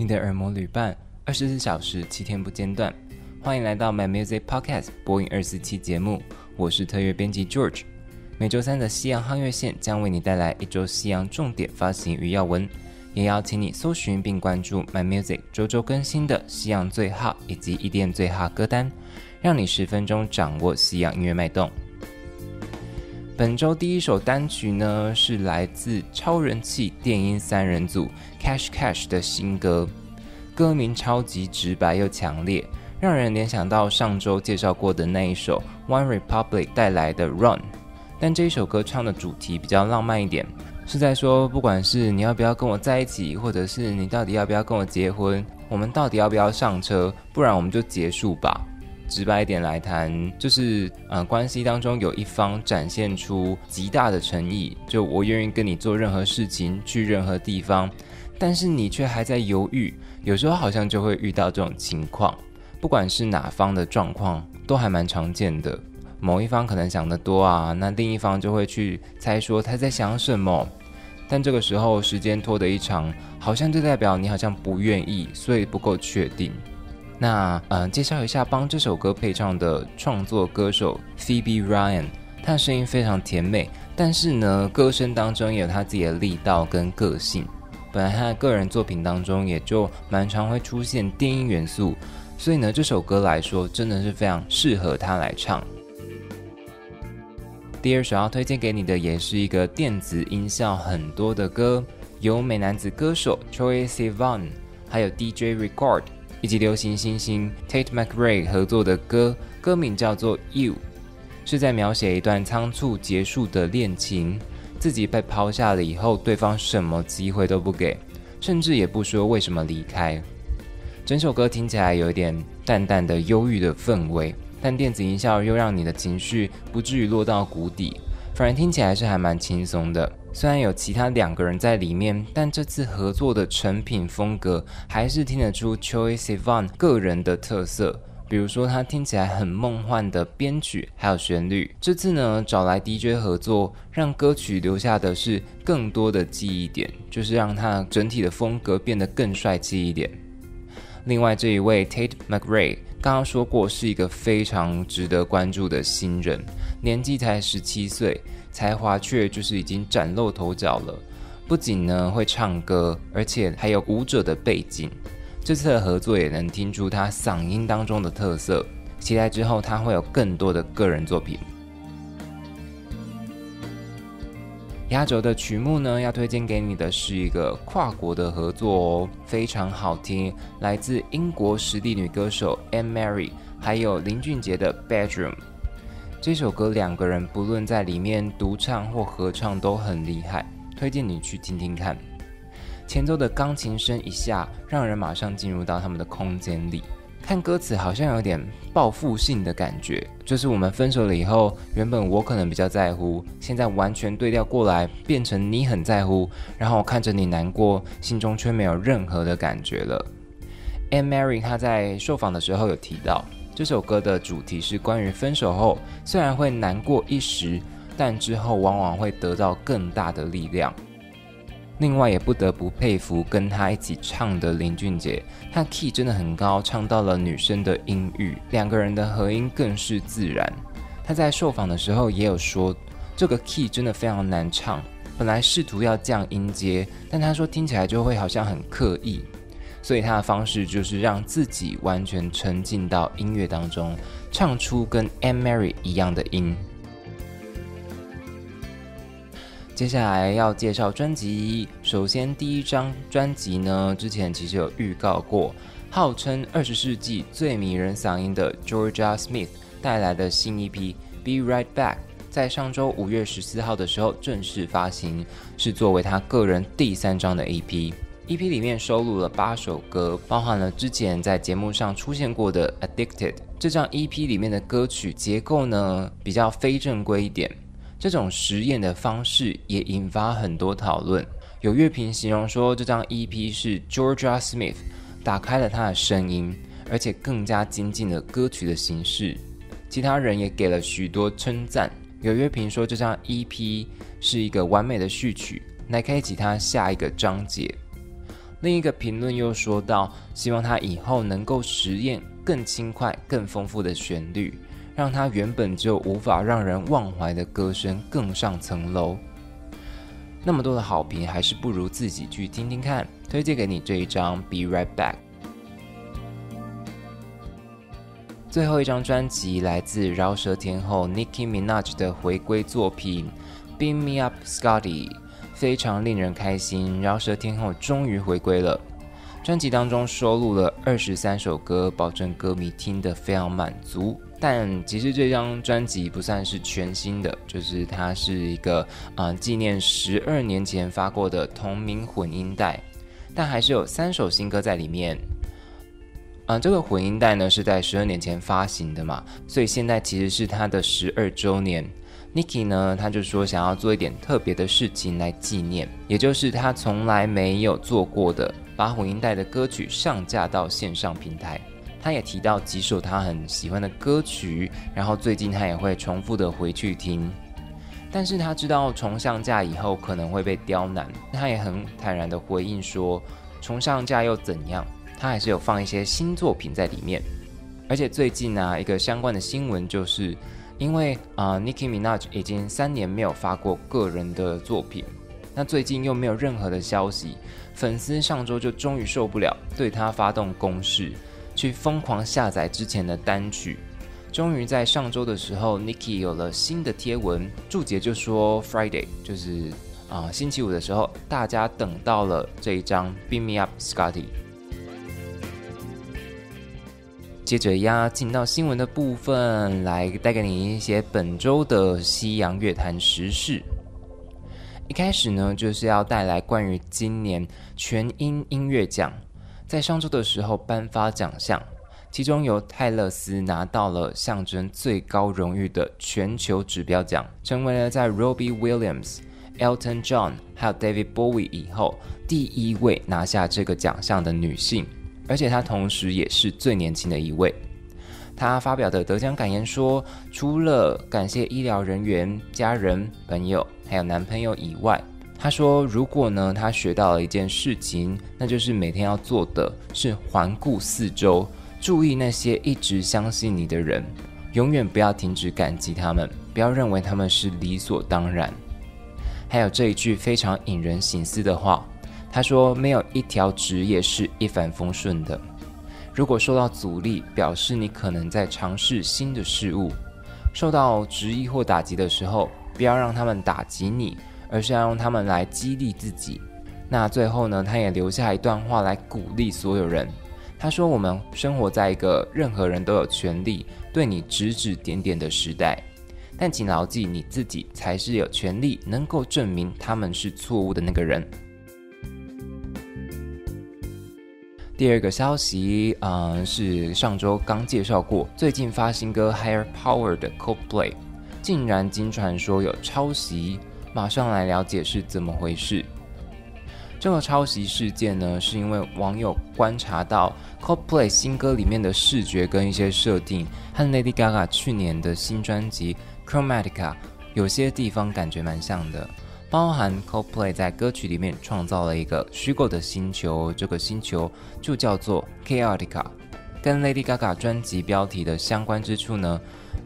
你的耳膜旅伴，二十四小時七天不間斷。歡迎來到 My Music Podcast，播音二十四期節目。我是特約編輯 George。每周三的西洋夯樂線將為你帶來一周西洋重點發行與要聞，也邀請你搜尋並關注 My Music 周周更新的西洋最夯以及 EDM 最夯歌單，讓你十分鐘掌握西洋音樂脈動。本周第一首單曲呢，是來自超人氣電音三人組 Cash Cash 的新歌，歌名超級直白又強烈，讓人聯想到上周介紹過的那一首 OneRepublic 帶來的 Run，但這一首歌唱的主題比較浪漫一點，是在說不管是你要不要跟我在一起，或者是你到底要不要跟我結婚，我們到底要不要上車，不然我們就結束吧。直白一點來談，就是呃，關係當中有一方展現出極大的誠意，就我願意跟你做任何事情，去任何地方，但是你卻還在猶豫。有時候好像就會遇到這種情況，不管是哪方的狀況，都還蠻常見的。某一方可能想得多啊，那另一方就會去猜說他在想什麼。但這個時候時間拖得一長，好像就代表你好像不願意，所以不夠確定。那嗯、呃，介紹一下幫這首歌配唱的創作歌手 Phoebe Ryan，她的聲音非常甜美，但是呢，歌聲當中也有她自己的力道跟個性。本來她的個人作品當中也就蠻常會出現電音元素，所以呢，這首歌來說真的是非常適合她來唱。第二首要推薦給你的也是一個電子音效很多的歌，由美男子歌手 Troye Sivan，還有 DJ Regard。以及流行新星 Tate McRae 合作的歌，歌名叫做《You》，是在描寫一段倉促結束的戀情，自己被拋下了以後，對方什麼機會都不給，甚至也不說為什麼離開。整首歌聽起來有一點淡淡的憂鬱的氛圍，但電子音效又讓你的情緒不至於落到谷底。本來聽起來是還蠻輕鬆的，雖然有其他兩個人在裡面，但這次合作的成品風格還是聽得出 Troye Sivan 個人的特色，比如說他聽起來很夢幻的編曲還有旋律。這次呢，找來 DJ 合作，讓歌曲留下的是更多的記憶點，就是讓他整體的風格變得更帥氣一點。另外這一位 Tate McRae 剛剛說過是一個非常值得關注的新人。年紀才十七歲，才華卻就是已經嶄露頭角了。不僅呢會唱歌，而且還有舞者的背景。這次的合作也能聽出他嗓音當中的特色。期待之後他會有更多的個人作品。壓軸的曲目呢，要推薦給你的是一個跨國的合作哦，非常好聽，來自英國實力女歌手 Anne Marie，還有林俊傑的 Bedroom。這首歌兩個人不論在裡面獨唱或合唱都很厲害，推薦你去聽聽看。前奏的鋼琴聲一下，讓人馬上進入到他們的空間裡。看歌詞好像有點報復性的感覺，就是我們分手了以後，原本我可能比較在乎，現在完全對調過來，變成你很在乎，然後我看着你難過，心中卻沒有任何的感覺了。Anne-Marie 她在受訪的時候有提到。這首歌的主題是關於分手後，雖然會難過一時，但之後往往會得到更大的力量。另外也不得不佩服跟他一起唱的林俊杰，他 key 真的很高，唱到了女聲的音域，兩個人的合音更是自然。他在受訪的時候也有說，這個 key 真的非常難唱，本來試圖要降音階，但他說聽起來就會好像很刻意。所以他的方式就是讓自己完全沉浸到音樂當中，唱出跟 Anne Marie 一樣的音。接下來要介紹專輯，首先第一張專輯呢，之前其實有預告過，號稱二十世紀最迷人嗓音的 Jorja Smith 帶來的新 EP Be Right Back，在上周五月十四號的時候正式發行，是作為他個人第三張的 EP。EP 裡面收錄了八首歌，包含了之前在節目上出現過的《Addicted》。這張 EP 裡面的歌曲結構呢，比較非正規一點，這種實驗的方式也引發很多討論。有樂評形容說，這張 EP 是 Jorja Smith 打開了他的聲音，而且更加精進了歌曲的形式。其他人也給了許多稱讚。有樂評說，這張 EP 是一個完美的序曲，來開啟他下一個章節。另一個評論又說到，希望他以後能夠實驗更輕快、更豐富的旋律，讓他原本就無法讓人忘懷的歌聲更上層樓。那麼多的好評，還是不如自己去聽聽看。推薦給你這一張《Be Right Back》。最後一張專輯來自饒舌天後 Nicki Minaj 的回歸作品《Beam Me Up Scotty》。非常令人開心，饒舌天后終於回歸了。專輯當中收錄了二十三首歌，保證歌迷聽得非常滿足。但其實這張專輯不算是全新的，就是它是一個啊、呃、紀念十二年前發過的同名混音帶，但還是有三首新歌在裡面。啊、呃，這個混音帶呢，是在十二年前發行的嘛，所以現在其實是它的十二周年。Nicki 呢，他就說想要做一點特別的事情來紀念，也就是他從來沒有做過的，把混音帶的歌曲上架到線上平台。他也提到幾首他很喜歡的歌曲，然後最近他也會重複的回去聽。但是他知道重上架以後可能會被刁難，他也很坦然的回應說，重上架又怎樣？他還是有放一些新作品在裡面。而且最近呢、啊，一個相關的新聞就是。因為啊、呃、，Nicki Minaj 已經三年沒有發過個人的作品，那最近又沒有任何的消息，粉絲上周就終於受不了，對他發動攻勢，去瘋狂下載之前的單曲，終於在上周的時候，Nicki 有了新的貼文注解，就說 Friday 就是啊、呃、星期五的時候，大家等到了這一張 Beam Me Up，Scotty。接着要進到新聞的部分，來帶給你一些本周的西洋樂壇時事。一開始呢，就是要帶來關於今年全英音樂獎在上周的時候頒發獎項，其中由泰勒絲拿到了象徵最高榮譽的全球指標獎，成為了在 Robbie Williams、Elton John 還有 David Bowie 以後第一位拿下這個獎項的女性。而且他同時也是最年輕的一位。他發表的得獎感言說，除了感謝醫療人員、家人、朋友，還有男朋友以外，他說：“如果呢，他學到了一件事情，那就是每天要做的是環顧四周，注意那些一直相信你的人，永遠不要停止感激他們，不要認為他們是理所當然。”還有這一句非常引人深思的話。他說：“沒有一條職業是一帆風順的。如果受到阻力，表示你可能在嘗試新的事物。受到質疑或打擊的時候，不要讓他們打擊你，而是要用他們來激勵自己。那最後呢，他也留下一段話來鼓勵所有人。他說：‘我們生活在一個任何人都有權利對你指指點點的時代，但請牢記，你自己才是有權利能夠證明他們是錯誤的那個人。’”第二個消息，嗯，是上週剛介紹過，最近發新歌《Higher Power》的 Coldplay，竟然驚傳說有抄襲，馬上來了解是怎麼回事。這個抄襲事件呢，是因為網友觀察到 Coldplay 新歌裡面的視覺跟一些設定，和 Lady Gaga 去年的新專輯《Chromatica》有些地方感覺蠻像的。包含 Coldplay 在歌曲裡面創造了一個虛構的星球，這個星球就叫做 Chaotica 跟 Lady Gaga 專輯標題的相關之處呢，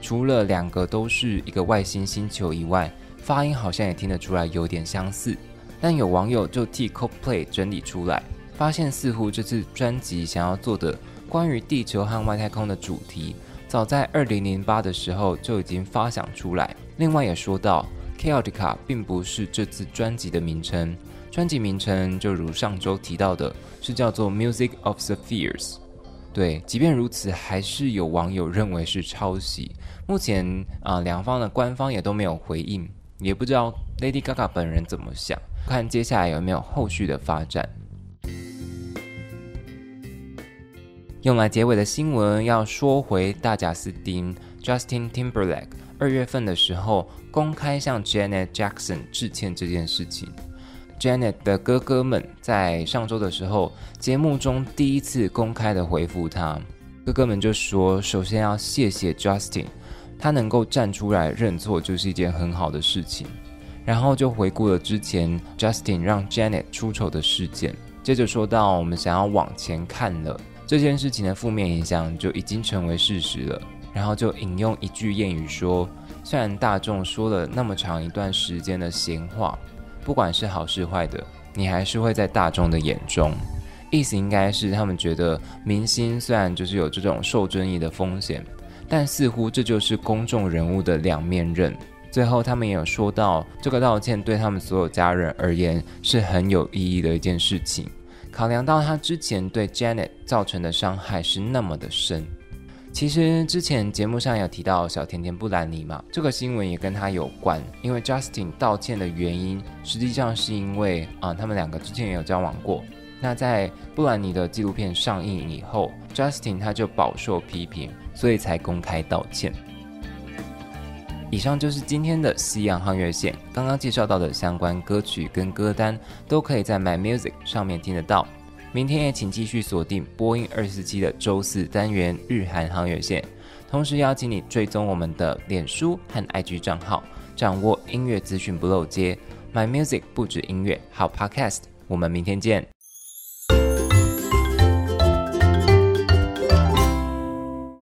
除了兩個都是一個外星星球以外，發音好像也聽得出來有點相似。但有網友就替 Coldplay 整理出來，發現似乎這次專輯想要做的關於地球和外太空的主題，早在2008的時候就已經發想出來。另外也說到。《Chaotica》並不是這次專輯的名稱，專輯名稱就如上周提到的，是叫做《Music of the Spheres》。對，即便如此，還是有網友認為是抄襲。目前啊，呃，兩方的官方也都沒有回應，也不知道 Lady Gaga 本人怎麼想，看接下來有沒有後續的發展。用來結尾的新聞要說回大賈斯汀 （Justin Timberlake）。二月份的時候，公開向 Janet Jackson 致歉這件事情。Janet 的哥哥們在上週的時候，節目中第一次公開的回復他，哥哥們就說：“首先要謝謝 Justin，他能夠站出來認錯，就是一件很好的事情。”然後就回顧了之前 Justin 讓 Janet 出醜的事件，接着說到：“我們想要往前看了，這件事情的負面影響就已經成為事實了。”然後就引用一句諺語說：“雖然大眾說了那麼長一段時間的閒話，不管是好是壞的，你還是會在大眾的眼中。”意思應該是他們覺得明星雖然就是有這種受爭議的風險，但似乎這就是公眾人物的兩面刃。最後，他們也有說到，這個道歉對他們所有家人而言是很有意義的一件事情。考量到他之前對 Janet 造成的傷害是那麼的深。其實之前節目上有提到小甜甜布蘭妮嘛，這個新聞也跟她有關，因為 Justin 道歉的原因，實際上是因為啊他們兩個之前也有交往過。那在布蘭妮的紀錄片上映以後，Justin 他就飽受批評，所以才公開道歉。以上就是今天的西洋夯樂線，剛剛介紹到的相關歌曲跟歌單，都可以在 My Music 上面聽得到。明天也請繼續鎖定播音二四七的周四單元日韓夯樂線，同時邀請你追蹤我們的臉書和 IG 賬號，掌握音樂資訊不漏接。My Music 不只音樂，好 Podcast。我們明天見。